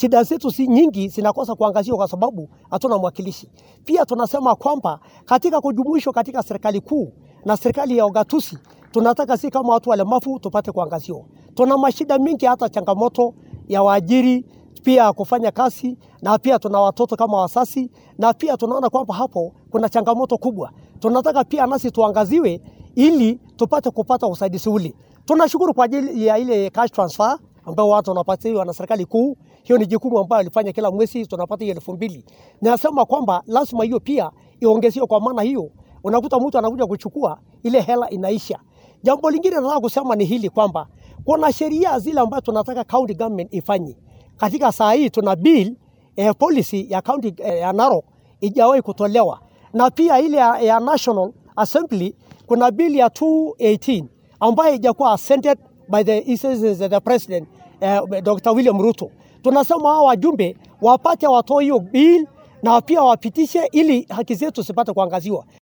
shida zetu si nyingi zinakosa kuangaziwa kwa sababu hatuna mwakilishi. Pia tunasema kwamba katika kujumuishwa katika serikali kuu na serikali ya ugatuzi, tunataka si kama watu walemavu tupate kuangaziwa. Tuna mashida mingi, hata changamoto ya waajiri pia kufanya kazi, na pia tuna watoto kama wasasi, na pia tunaona kwamba hapo kuna changamoto kubwa. Tunataka pia nasi tuangaziwe ili tupate kupata usaidizi ule. Tunashukuru kwa ajili ya ile cash transfer ambao watu wanapatiwa na serikali kuu. Hiyo ni jukumu ambayo alifanya kila mwezi tunapata hiyo elfu mbili. Nasema kwamba lazima hiyo pia iongezwe, kwa maana hiyo unakuta mtu anakuja kuchukua ile hela inaisha. Jambo lingine nataka kusema ni hili kwamba kuna sheria zile ambazo tunataka county government ifanye. Katika saa hii tuna bill eh, policy ya county eh, ya Narok ijawahi kutolewa na pia ile ya, ya National Assembly kuna bill ya 218 ambayo ijakuwa assented by the instances the president uh, Dr. William Ruto. Tunasema hao wajumbe wapate watoe hiyo bill na pia wapitishe ili haki zetu zipate kuangaziwa.